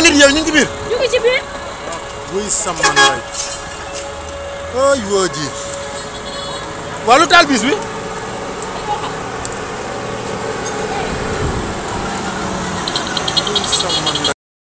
ñaari nit yow ñu ngi biir. ñu ngi ci biir. buy ji. waa taal bis bi.